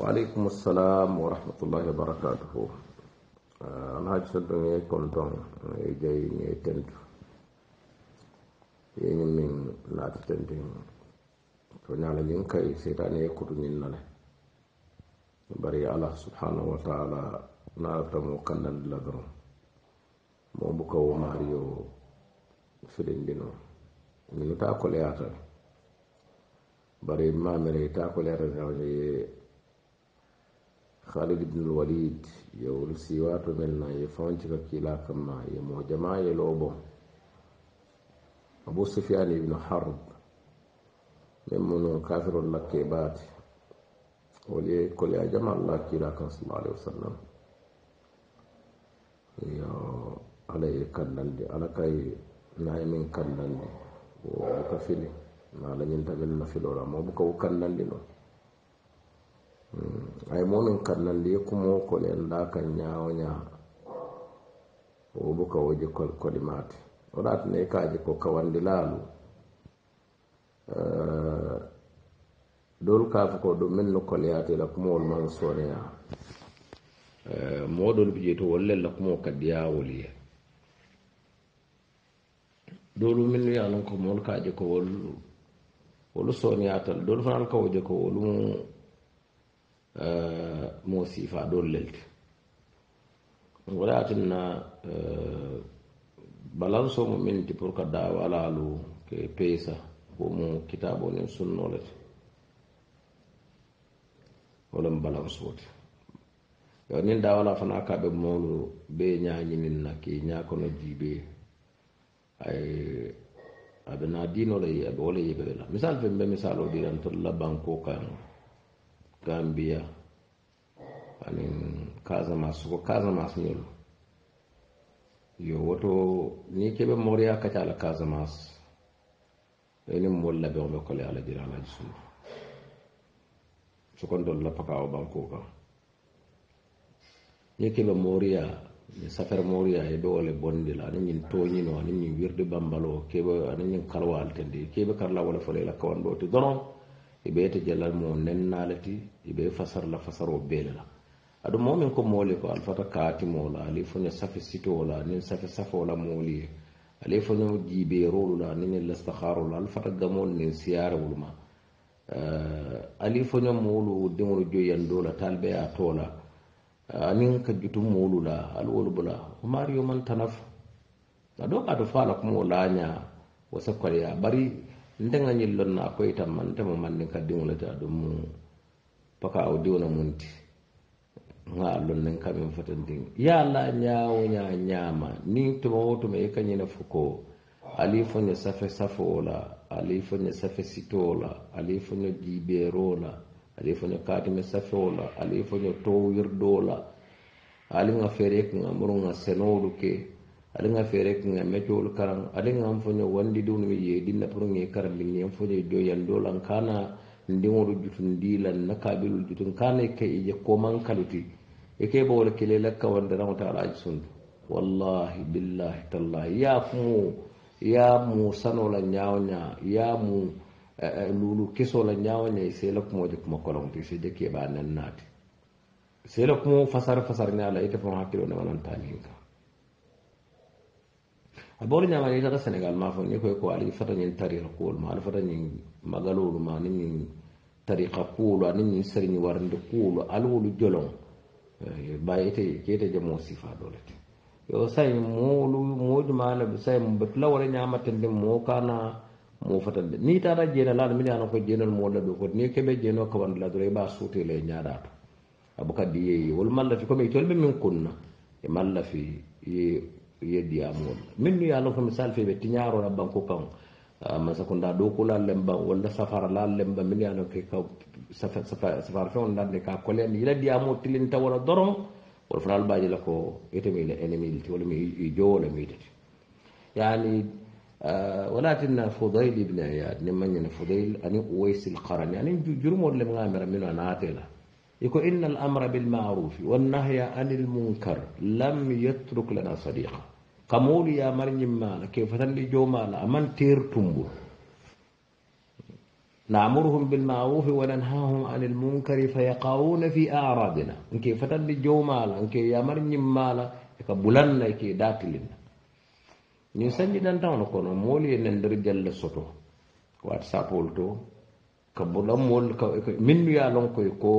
waaleykum assalam wa rahmatullahi wa barakatuhu alhaji soddo ngee kon toon e jeyi ngee tentu yeñum min laati tentin to ñaala ñin kay seytaani yekkutu ñin nane bari allah subhanahu wa taala naratamo kandande la doron moobu ko wo mario filindino minu taa ko leyaata bari mamire taa ko leyata tawñe khalid ibnul walid yowl siwa to mel na ye fawncika kila kamma ye mojama ye lobon abou sufiane ibne harb men mono kafirol lakke baate wole kole a jama allah kila kam sala alah wa sallam yo alay kallande ala kay nay min kallande o buka fili ma lañin tagel na filora mo buka wo kallandi non Hmm. ay monon kadna li ko mo ko len da kan nyaawo nyaa o bu ka woje kol kolimaati o dat ne kaaji ko kawandi laalu eh, dol kaafu ko ɗum min no koliyaate la kumowol man sooneya eh, moɗol ɓe jeeto wolle la kumo kaddiyawol ye dolu min wiya non ko mol kaaji ko wol wolu sooneyatal dol fanal kawoje ko wolumu mo sifa ɗo leldi ɗo laatinna eh, balance mo minti pour que da walalu ke peesa ko mo kitabo nin sunnolete holen balance woti yo nin da wala fana kaɓe molu ɓe ñañininna ke ñakono jiɓe ay aɓe na dinole aɓe wole yiɓeɓela misal fembe misal o ɗiran tolla banko kayno gambia anin casamas ko casamas ñolu yo woto ni keɓe moriya kati ala casamas enin molla ɓe oɓe kole ala jira alaji suma sokondolla pakawo bankoka ni keɓe moriya ni safere moriya eɓe wole bondila anin ñin toñino anin ñin wirde bambalo keɓe anin ñin karwaltendi keɓe karla wole folela kawanɗoti donon eɓeyete jellal mo nennaleti i be fasar la fasaro bee la aduŋ moo ko moo ko alifata kaatimoo la ali fo ne safe sitoo la niŋ safe safoo la moolu ali fo ne jiibeeroolu la niŋ ne lastahaaru la alifata gamoolu niŋ siyaarewolu ma ali fo ne moolu diŋolu joyandoo la taalu a too la aniŋ ka jutu moolu la ali bula mario maŋ tanafu adoo ka a to fo a la kumoo bari nte ŋa na a koyita maŋ nte mu maŋ niŋ ka diŋo le paka o diwo la munti nga lon nen kamin fatandin ya la nyaawo nya nyama ni to mo me kanyi na fuko alifo ne safe safo la ali fonya safe sitola ali fonya jibero alifo ne fonya me safo la ali fonya to wirdo la ali nga fere nga muru nga senolu ke ali nga fere nga metol karam ali nga amfo ne wandi dun mi yedi na nge karam ni amfo ne do yandola kana ndiŋolu jutun ndiilan na kaabilul jutun kana ke ko man kaluti ike e bawol kile lakka wandanaŋo ta alaaji sundu wallahi billahi tallahi ya fumo ya mu sano la ñaawo ñaa ya mu eh, eh, luulu keso la ñaawo ña i seela kumo je kuma koloŋti se je keebaa nan naati seela kumo fasar fasar ñaa la ita fo hakkilo ne wananta niŋ kaŋ a bawol ñaama ni tata senegal maa fo ni koy ko ali fata ñiŋ tariyal kuwolu ma ala fata ñiŋ magaloolu ma ni ñiŋ tariqa kuulo ani ñiŋ sariñi warindi kuulo ali wolu joloŋ eh, bayite keta jamo sifa dole te yo sayi moolu moo jumaane sayi batula wara ñamatendi moo kana moo fatandi ni taata jeena laala mi ñaana ko jeenol moo la ɗo koti ni kebe jeeno kawandi la dura i ɓa suute la e ñaaɗa to abu kaddi yeyi wolu malla fi comme itolɓe min kunna e malla fi ye ye diyamoolu min nu ye a lon ko misal fe ɓe tiñaaro rabbanko kaŋ مسكون دا دوكو لا لمبا ولا سفر لا لمبا من يعني في سفر سفر فون لا لك كل يلا دي امو تلين تا ولا درون ولا لكو يتمي لا انمي ولا يجو ولا ميت يعني آه، ولكن فضيل ابن عياد لمن فضيل أن أويس القرن يعني جرمو ولا مغامر منه أنا عاتلة يقول إن الأمر بالمعروف والنهي عن المنكر لم يترك لنا صديقه ka mawɗu yamarñim maɗa ke fotanɗe jomaɗa aman ter tumbol namorhum bilmarufe waɗan ha hum anil munkari fa yaqauna fi aradina nke fatanɗe jomala nke yamarñim mala eka bulanna ke datilinna min sañjiɗan tawno kono mowli e nen nder jalle soto wat sapol to ka bulanmol min mi ya lonkoy ko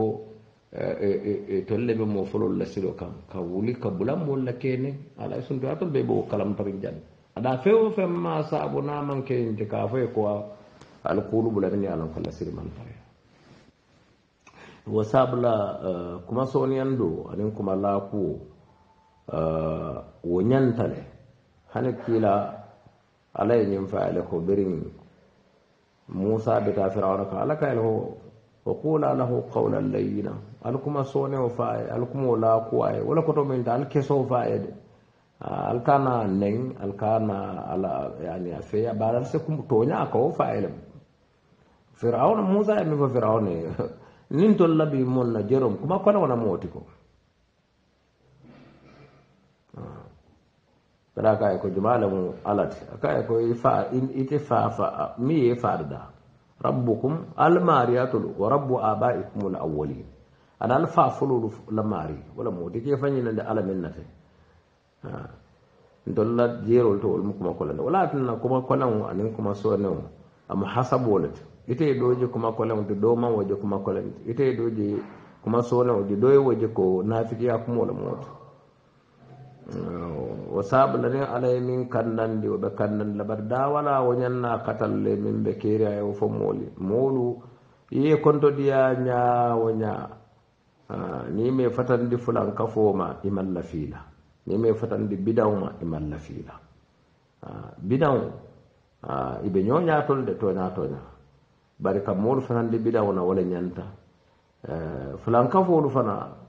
Eh, eh, eh, tol le be mo folol la silo kan ka wuli ka bula mol la kene ala e sunto atol be bo kalam tarin jan ada feo fe ma bo na man ke inte ka fe ko al qulub la min yalan kala sir man fa wa sabla kuma soni ando anin kuma la ku wo nyantale hani kila ala yin fa ala ko birin musa da kafirawa ka ala ka ho وقولا له قولا لينا alkuma sonewo faye alkumo laakuwaye wala koto min ta alkesowo faye de alkana nen alkana ala yani a feya bara al sekkum toña kawo fayelem firawna e min fo nin tol labi mon na jerom kuma kone wona mooti ko ko jumale mum alati akaye ko ite faafa mi ye faade da rabbukum almariatul wa rabbu abaikum l awalin aɗa al fafololu lamari wala mo dike fañinande ala minnate ntolla jerol to wol mukuma kolande walatinna kuma kolan anin kuma sone o ama hasabolete ite ɗoje kuma kolan te ɗo ma woje kuma kolante ite ɗoje kuma sone o je ɗoye woje ko nafikiya kumola mooto o saɓlani alaye min kannandi oɓe kannandi labar da wala o ñanna katalle min ɓe keeri ha o fo mooli moolu yi konto ɗiya ñawo ña ni mi fatandi fulankafoma imalla fiila ni mi fatandi bidanma imalla fiila bidan iɓe ñoñatolde toña toña bari kam moolu fatandi bidan na wala ñanta eh, fulankafoolu fana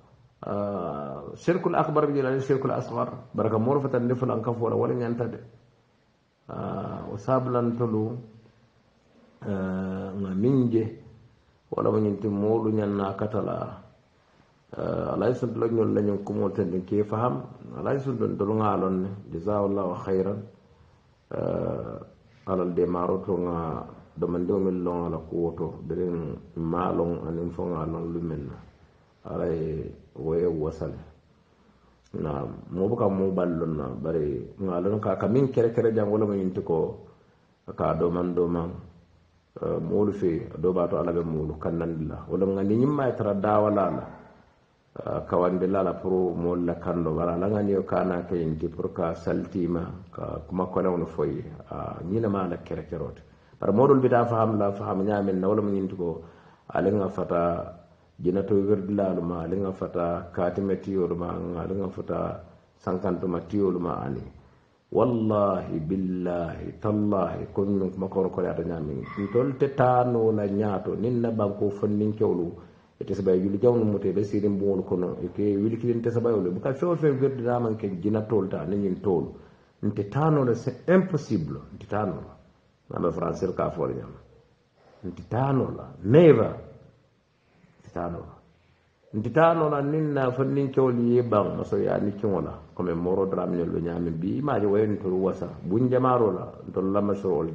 Ah, cercle akbar ɓe ƴolani cercle asgar bara ka morfata ndefulankafoola wala ñanta de o ah, sablantolu ah, ga minje wala mo ñinti moolu ñanna katala alay sontulaƴñol lañon kumol tende ke faham alay sontun tolu ngaalonne jasaullahu hayran alal demaro to ga domande omin long ala kuwoto beren maalong anin fo ngaalon lumenna alay wo ye wasale na mo buka mu ballon na bari ngalon ka ka min kere kere jang wala mo yinti ko ka do man do man e, moolu fe do ba to alabe moolu kannandila wala ngani nyimma e tara dawala la kawande lala pour moolu la e, kando wala la ngani kana ke yinti pour ka saltima ka kuma ko lawno foyi nyina ma la kere kerote par modul bi da faham la faham nyamen na wala mo yinti ko alenga fata jinato wirdilalu ma ali ŋa fata kati tiyolu ma ali fata sankantuma tiyolu ma ani wallahi billahi tallahi komi min kuma korokoroyata ñamin tol te taano na ñaato nin na ko banko fonninkewolu e te sabay yulu jawnu mute be sirim sirin buŋolu kono ike wili kilin te saba yolu buka fewo fewo man ke jina tol ta nin ñiŋ tolu nte taano na c'est impossible nte taano na nabe français ka fo le ñama nte taano la never sitano ntitano la nin na fanninkewol ye ban masoyali kiŋo la comme moro dramñol lo nyami bi imaje wayen to wasa bun jamaro la to la maso ol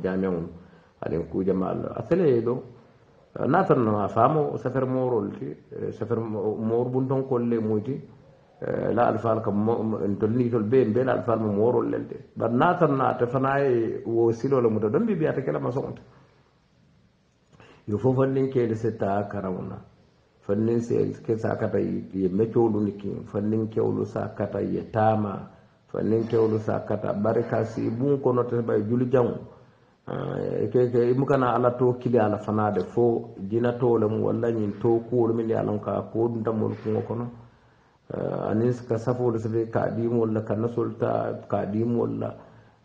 ku jamal la a fele ye do na tan tannama faamo moro morol ti moro bun buntonkol kolle moyti la alfal kam ni to be be la alfal moro morol lel de bar na tan na ta fanay wo silo silole muta don bi biyata kela masoŋote yo fofan ninke kele seta karawna fannin sel ke sakata ye mekewolu ni kiŋ fannin kewolu sakata ye fannin kewolu sakata bari ka si buŋ kono te bayi juli jaŋo keke eh, i muka na ala to kili ala fana de fo jina to lemu walla ñiŋ to kuwolu minnu ye a loŋ ka kuwo duntamolu kuŋo kono eh, aniŋ ka safolu sebe ka diimolu la ka nasolu ta ka diimolu la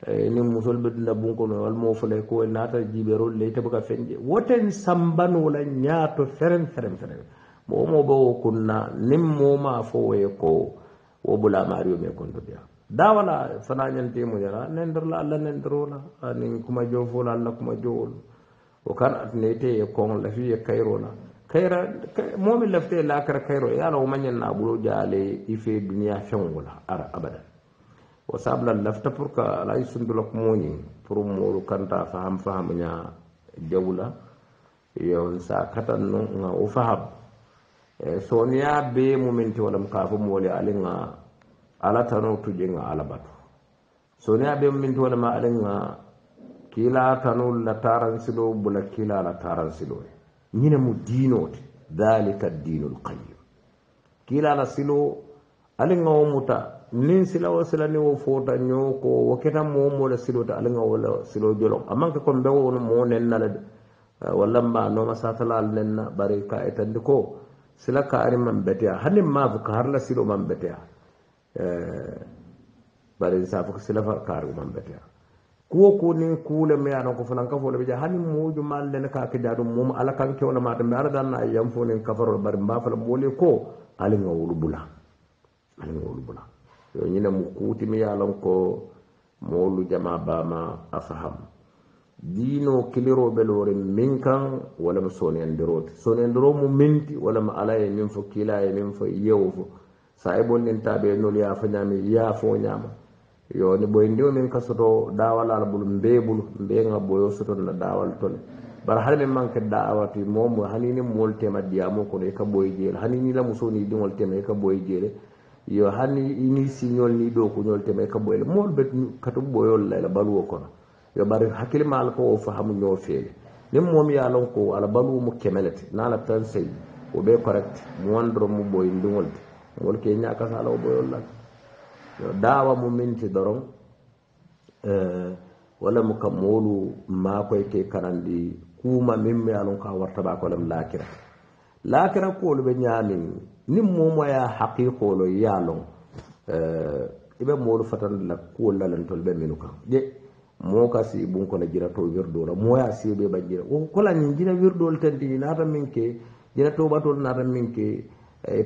eh, niŋ musolu be dunna buŋ kono walma wo fula ko naata jiiberolu la ite buka feŋ je woten sambanoo la ñaato fereŋ fereŋ fereŋ mo mo be wo kunna nim mo ma fo wo ko wo bula mario me da wala fana ñanti mu la la allah la ani kuma la allah kuma wol o kan atinete ye koŋ lafi ye kayro la kayra momin la lakara kayro ya ala wo mañan na bulo jale ife fe duniya feŋo wala ara abada wo sabla lafta pour que alayi mo ni pour kan kanta faham faham nya jawla yo sa katan no ga faham Eh, soniya be mumintiwolam kafum woli alinga alatano tujinga alabatu soniya be mumintiwolama alinga kilatanu lataransilo bula kila lataransiloe ñine mu dinote dhalika dinu lqayim kilala silo alinga wo muta nin silawo silani wo fota ño ko wo keta mo mola silote alinga wola silo jolo amanke kon mbe wono mo nennala de eh, walla mba noma satalal nenna bari kayitandi e ko uh, sila kaari man beteya hani maafu ka harla silo man beteya eh, bari safu sila fa kaari man beteya kuwa kuni ni kuule me ana ko fulan kafo lebeja hani muuju mal lene ka ke jaadu mum ala kan kewna mata mbe ardan na yam fo nen kafaro bari mbafala mole ko ali nga wulu bula ali nga wulu bula yo ñine mu kuuti mi yalon ko moolu jama bama afaham diino kiliroɓe lorin min kan walama soniyandirote soniyandiromo menti walama alaye min fo kilaye min fo yewo fo sa e bonɗintaɓe nol yafo ñaami yafo ñaama yoni ɓoye ndiwo min kasoto dawal albol mbebol mbega boyo sotonna dawal tole bara hade min manque dawatu momo hanini mol tema diyamo kono eka ɓoye jeele hanini la musoni ɗimol tema eka ɓoye jeele yo hani ini siñol ni ɗo ko ñol tema eka ɓoyele molɓe kato ɓoyol layla baluwo kono yo bari mal ko o fahamu ñoo feele nin moom ya lon ko ala balu mu kemelete naala tan sey o be correct mu wandro mu boy ndumul wol ngol ke ñakasa ala o boyol la yo dawa mu minti doron eh, wala mu kamulu ma maakoye ke karandi kuma min mi ye lon ko a wartaba ko lakira laakira lu kuwolu ɓe ñaanin nin momo ya haqiqoolo ye lon eh, i ɓe moolu fatandi la ko lalantol be minuka de moo ka si bunkola jirato wirdo la moo ye sibe ba jira o kola ñin jina wirdol tanti ñi naata min ke jina towbatol naata min ke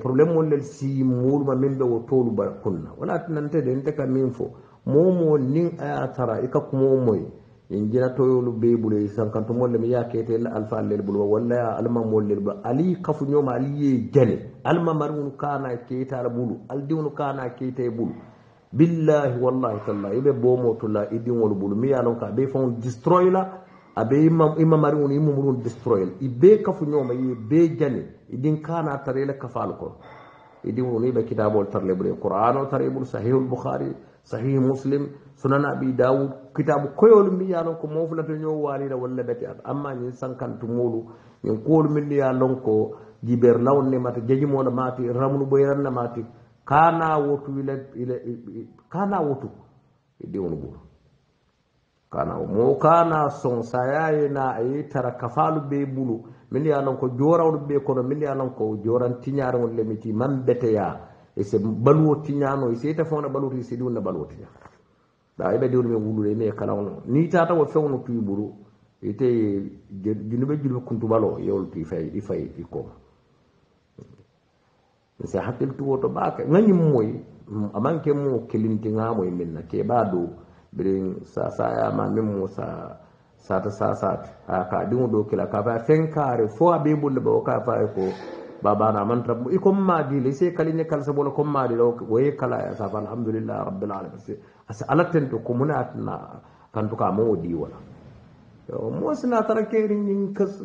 probléme mo lel si muuluma min be wo toolu ba kunna wala tinante de nte ka min fo momo nin aya tara i ka kumo moy in jina toyolu be bule sankantugol le mi ya kete la alfa allel bulma walla ya almamol lel ba ali kafuñoma ali ye jane almamariŋunu kana keetala bulu aldiŋunu kana keete bulu billahi wallahi talla i be bo moto la i dinŋolu bulu miŋ ye a loŋ ka a be faŋo destroy la a be i mamariŋolu i mumuruŋolu destroy la i bee kafu ñooma i ye bee jani i diŋ kaana tara i la kafaalu kono i diŋolu i la kitaabolu tara le bulu qur'ano tara i bulu sahihul bukhari sahihi muslim sunan abi dawud kitabu koyolu miŋ ye a loŋ ko moo fulata ñoo waari la walla bete ata amma ñiŋ sankantumolu ñiŋ kuwolu minnu ye a loŋ ko jibeerilawo ne mata jejimo la maati ramunu boyirani la maati kana wotu ile ile kana wotu ide idi bu kana mo kana son sayaye na ayi tara kafalu be bulu min ya nan ko jorawdo be kono min ya nan ko joran tiñaare won lemiti ya e se balwo tiñano e se ta fona baluwoto se diwna baluwo tiña ɗa eɓe diwna men wulude me kala ono ni ta wo fewno tuyi ɓuru ite junuɓe kuntu balo yewlo ti fay di fay di koma sa hakkil tuwoto baake ŋañim moy amanke mo nga moy minna ke ba do birin sa ma min mo sa sa sa a ka din do kila ka faya feŋ kaare fo abe be ba ka fa ko babana amanta mo i comme madile se kaliñe ma di lo wo ye ya sa fa alhamdulillah rabbil alamin asa ala tento ko to ka mo di wala mo sina tara keri kas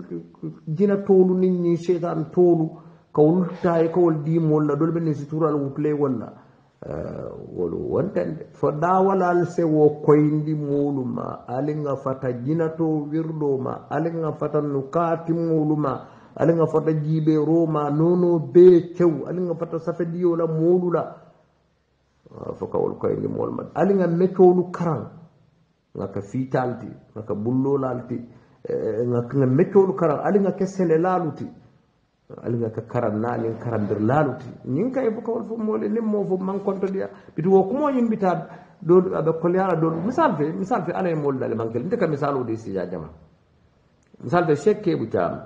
jina tolu niŋ ni seytaan tolu كون تاي كول دي مولا دول بني ستورا الوبلاي ولا wolu wontande fo dawalal sewo koyndi muuluma alinga fata jinato wirdoma alinga fata nukati muuluma alinga fata jiibe roma nono be cew alinga fata safadiyola muulula ah, fo kawol koyndi muol mad alinga meccolu karan ngaka fiitalti ngaka bullolalti eh, ngaka meccolu karan alinga ke sele alga ka karanna nin karandir laaluti ñin ka e bokawol fof moole nin mo fof man dia bitu wo kumo yimbita do aɓe kolyala do misal fe misal fe ala e moolu dale mankel misal ka misal wodi sija jama misal fe chek bu tam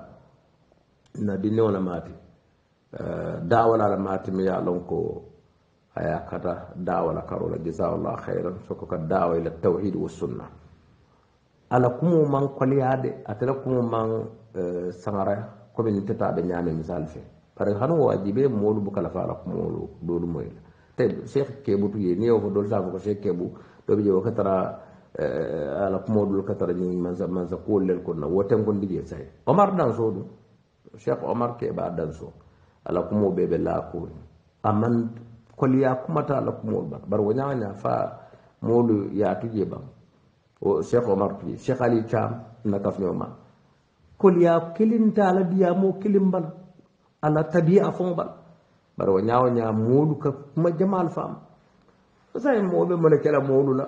na wala mati eh, da wala la mati mi ya lon ko aya kata da wala karo la jaza karola khairan so ko ka dawa ila tawhid wa sunna ala kumo man kolyade eh, atala kumo man sangaraya komi ñiŋ teta be ñaame misali fe bari hani wajibe moolu bukala fa la kumoolu doolu moyi la te sheikh kebutu ye niŋ ye wo fo doolu se a fo ko sheikh kebu doo bi je wo ka tara ala kumoo dulu ka tara ñiŋ mansa mansa kuwolu lelu kono na wo tenkundi je sayi omar dansoo du sheikh omar keba dansoo ala kumoo bee be laa kuwoñi a man koliya kumata ala kumoolu bala bari wo ñaŋa ña faa moolu yaatu je baŋ sheikh omar tuje sheikh ali cam na kafñoo maa koliya kilintaala diyamo kilimbal ala tabia fobal bare o ñawoña moolu ka kuma jamal faam sa mooɓe mone kela moolula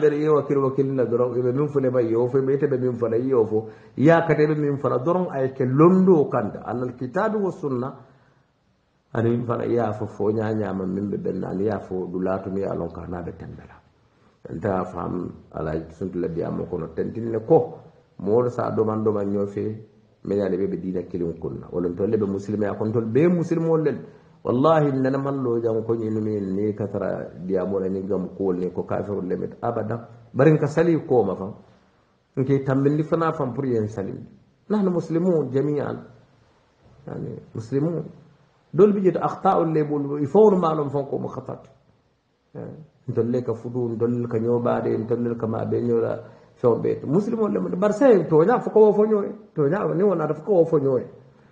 ɓere yewa kiri wakilina doron ɓe min fulema yofo ɓe yiteɓe min fana yofo yakateɓe min fana doron ayke londo kanta allal kitabe wo sunna ani min fana yafo fo ñañama minɓe ɓenna ani yafo ɗulatum ya lonkanaɓe tembela enta faam ala suntula biyamo kono tentinne ko moolu sa doman doman ñoo fe meñaani ɓe ɓe diina kilin kunna walon tolle ɓe musilmeya kon tol be musilmol lel wallahi nana mallo jam ko ñinu min ni katara diyamola ni gam kuwol ni ko kafirol lemet abada barin ka sali kooma fam nke tambindi fana fam pour yen salindi nahnu muslimun jamian yani muslimun dol bi jeta akhtaul lebol il faut no malum fon ko mo khatat ndolle ka fudu ndolle ka ñobaade ndolle ka ma be ñola soɓɓe to musidme o lemde bar sen toña fo kowo foñoye toña ni wonata fo kowo foñoye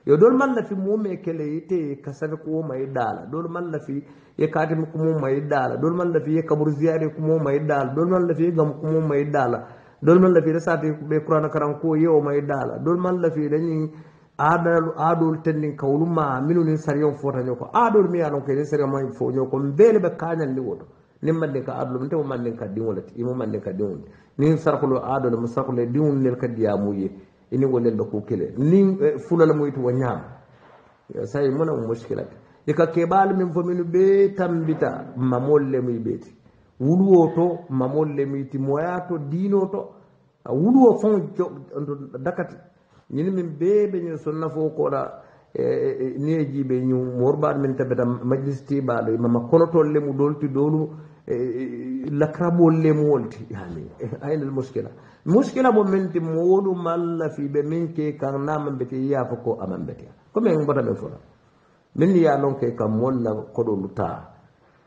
yo fi mo me kele yite ka safe kuwo mayi daala ɗon mallafi ye katimi kumo dol man la fi ye kabur ziyare ko mo kumo mayi dol man la fi gam ko mo kumo mayi daala ɗon mallafi ɗa sati ɓe kurana karan kuwo ye o dol man la fi dañi aɗal adol tendin kawluma minu nin sariyon fotaño ko adol mi yalon ke ni sariyon mo fonyo ko mbele kanyal kañalli woto nin manden ka adlum tewo manden ka diwolete imo manden ka diwude nin sarhulo adole mo sarhule diwunnel kadi yamuye ini wolelɗo ku kile nin e, fulola moyti wo ñaama sayi mona muskilate eka keɓalo min fominu ɓe tambita mamol lemuy ɓeeti wuluwo to mamol lemuyti moya to dino to wuluwo fon dakati ñini min ɓeɓe ñin sonna fo koɗa ni e jiiɓe ñu morbaɗo min tabita majlis tibaɗo mama kono tolle mu dolti dolu Eh, lakrabolle molti yani eh, ayna almuskila muskila bo menti moolu malla fi ɓe min ke kan namambete yiyafo ko amambete comme en mbota ɓen fola min ya lon ke kam molla koɗolu ta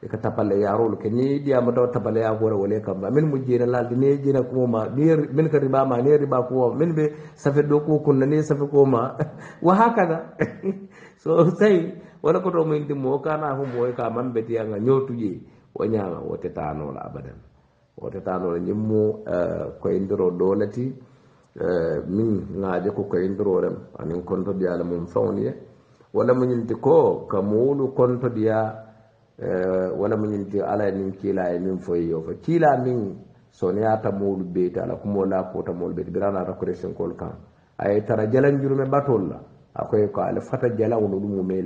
e ka tapalle yarolu ke ni ɗiyama taw tapalle yakore wole kam ba min mujjina lalde ni jina kumoma ni min ka ribama ni riba kumoma min ɓe safe ɗo kukunna ni safe kumoma wa hakada so tawi wala koto mumen dimmo kana humo ka mambeteyanga ñotuƴeyi wo ñaama wo la abadan wo tetano la ñiŋ mu eh, kwa doo le ti eh, miŋ ŋaaje ko koyindiro lem anin konto dia la muŋ feŋo ye wala mu ñiŋ ko ka moolu konto diya eh, wala mu ñiŋ ala alla kila niŋ kiilaa ye miŋ fo ye yo fo kiilaa miŋ soniyata moolu beeti ala kumoo la koota moolu beeti bira naata koresinkoolu kaŋ a ye tara jalanjurume batoolu la a ko ye ko ale fata jalawolu lu mu meyi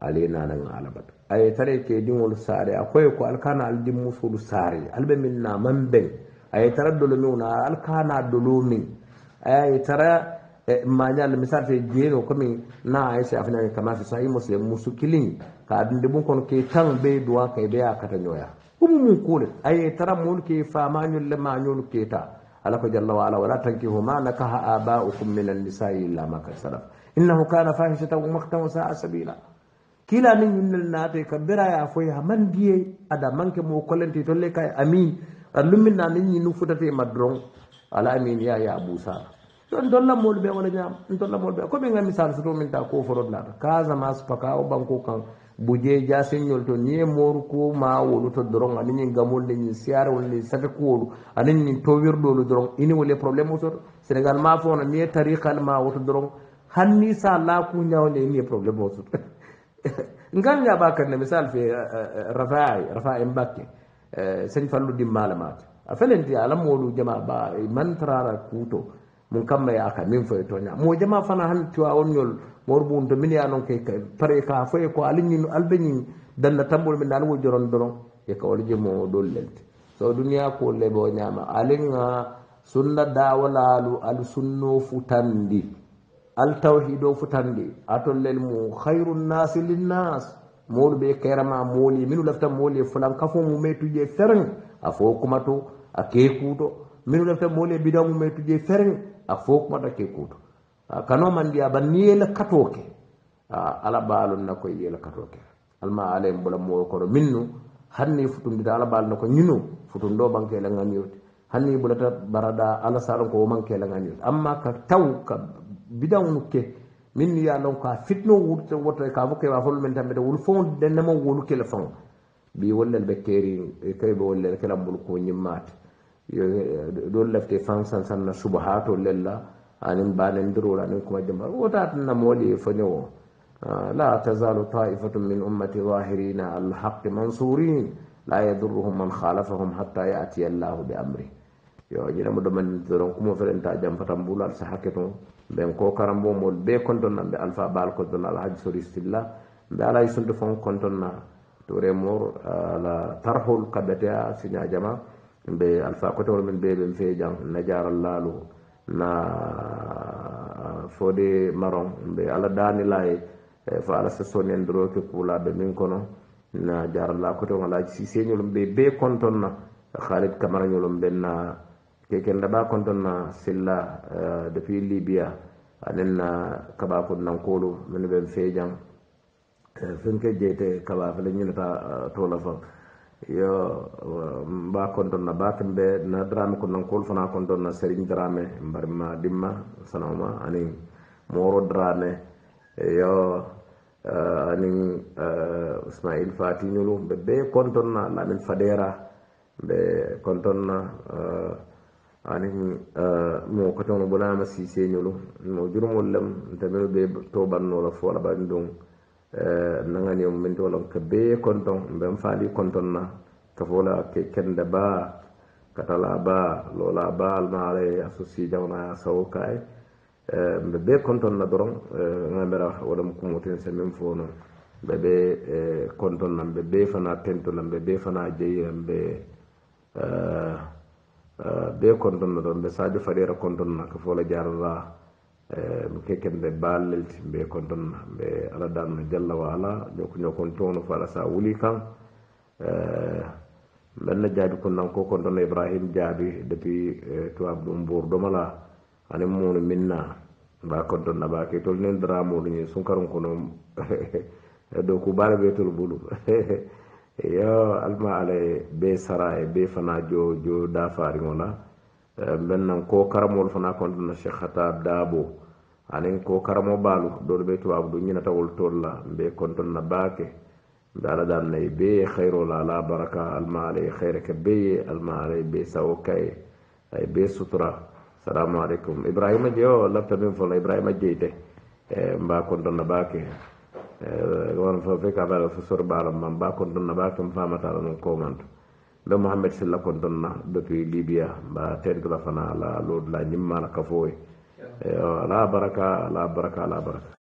ale nanan alabat ay tare ke dimul sare. a ko alkana aldin musolu saare ali be min na man ben ay tara dolo na alkana dolo ay aye tara e, mañal misal te ko comme na ayse a fenani kama fi sai muslim musu kiliŋ ka adunde bun kono ke tan be duwa kay be a kata ñoya mun mum kuule aye tara moolu ke famañol le ke ta. ala ko jalla wala wala tanki ma nakaha abaukum minan nisa'i illa ma innahu kana fahishatan wa maqtan wa saa sabila kilani ñinnel naate ka biraya foye ha man diye ada manke mo kolente tolle kay amin allumin na ni ñinu futate ma ala amin ya ya abusala ɗon dolla mol ɓe wala ñam ɗum dolla mol ɓe komin ga misal so min ta ko forod lata casamas paka o banko kan buje jaseñol to ni e moru ko mawolu to doron anin ñin gamolde ñin siyare wonde sate kuwolu anin ñin towirɗolu doron ini wole probléme ototo sénégal ma fono mi e tariqal ma woto doron hanni sa la kuñawle ni e probléme ototo ngal kan ba kan misal fi eh, eh, eh, rafai rafai mbakke sen fallu di malamat a felenti alam wolu jama ba man tarara kuto mun kamma ya ka min fay tonya mo jama fana han tuwa on yol bu ndo min ya non kay pare ka fay ko alinni dan danna tambul min nan wojoron doron e ka wol jemo dollente so duniya ko lebo nyama alinga sunna alu al sunnu futandi altawhido futande atollel mo hayru nnasi linnas moɗuɓe kayrama mooli minu laftan mooli e fulan kafo mu metuje ferin a fo kumato a kekuuto minu laftan mooli e bidan mu metuje ferin a fo kumato a kekuuto kanoman ndi aba niyel katoke alabalon na koye yel katoke alma alayen bolamo kono minnu hanni futumdita alabal nako ñino futumdo bankelangañirte hanni bulata barada alasalon ko womankelangañirte amma ka taw bidawnu ke min ya lon ka fitno wurto woto ka buke wa fol men tambe wul fon den ma wulu kele fon bi wala be keri kay be wala kala bul ko nyimmat do lefte fan san san na subhato lilla anin banen durura anin ko jamba wota na moli fone wo لا تزال طائفة من أمتي ظاهرين على الحق منصورين لا يضرهم من خالفهم حتى يأتي الله بأمره yo ñina mo do man doron kuma fere ta jam fatam sa haketo ɓen ko karambomol ɓe kontonna ɓe alpha bal kontonna alhaji soristilla ɓe ala sunde fon kontonna to remor ala tarhol kaɓetea siña jama ɓe alpha cotewol men ɓe ɓen feejan najaral laalo na fode maron ɓe ala danilaye e, fo ala sesonendroke kuulaɓe min kono na jaralla cotewol alaji siseñolom ɓe ɓe kontonna halid camaragnolom ɓenna keke ndaɓa kontonna silla eh, depuis libya anen na kabako nankolu min ɓen feejan eh, fenke jeyte kaba fele ñinata eh, tolafa yo mba kontonna bakemɓe na drame ko nankolu fana kontonna sérigne drame mbarima dimma sanawma anin moro drame yo anin ousmail fatiñolu ɓe ɓe kontonna lamin fadera ɓe kontonna uh, anin eh, mo kotono bulama sise ñolu no jurumol lem tamino ɓe to bannola fola ɓani eh, ɗon naganiom mintolon ka be konton ɓen faali konton na kafola ke kende ba katala ba lola ba almaala asosi jamanaya sawo kaye eh, ɓe be konton na doron gamera waɗam kumoten se min fono ɓeɓe konton nan ɓe be fana tento nan ɓe be fana jeyi nan ɓe uh, Eh, be kondonno ɗon ɓe sadio faɗira kondonna ko fola jarata eh, mi kekende balel timɓe kondonna ɓe aladanno jalla wala ñokoñokon towno faɗa sa wuli kan ɓenna eh, jaabi kondanko kondonna ibrahima jaabi depuis tuwab ɗum ɓurɗomala ani muno minna ba kondonna ba ketol nen dramoɗo ñi sunkaron kono ɗo ku ɓaɗa ɓe tol ɓuɗum yo alma ala be sara e be fana jo jo dafariŋo la maintenant ko karamol fana kontona cheikh hatab daabo aniŋ ko karamo baalu doolu be tubabu du ñinata wol toolu la mbe konton na baake mbe ala daam na ye bee la baraka alma ala ye hayre ke bee ye alma ala ye bee sawo kaye aye bee sutura ibrahima jeyo lafta min fo ibrahima jeyte mba konton na baake eyi wono fof fii ka mbaɗa so sor mbaalo man mba kon donna mba tom famataɗo noon komanto le mouhamed silla kon donna depuis libya mba tedgla fana ala lourde la ñimmala ka fooye ala eh, baraka ala baraka ala baraka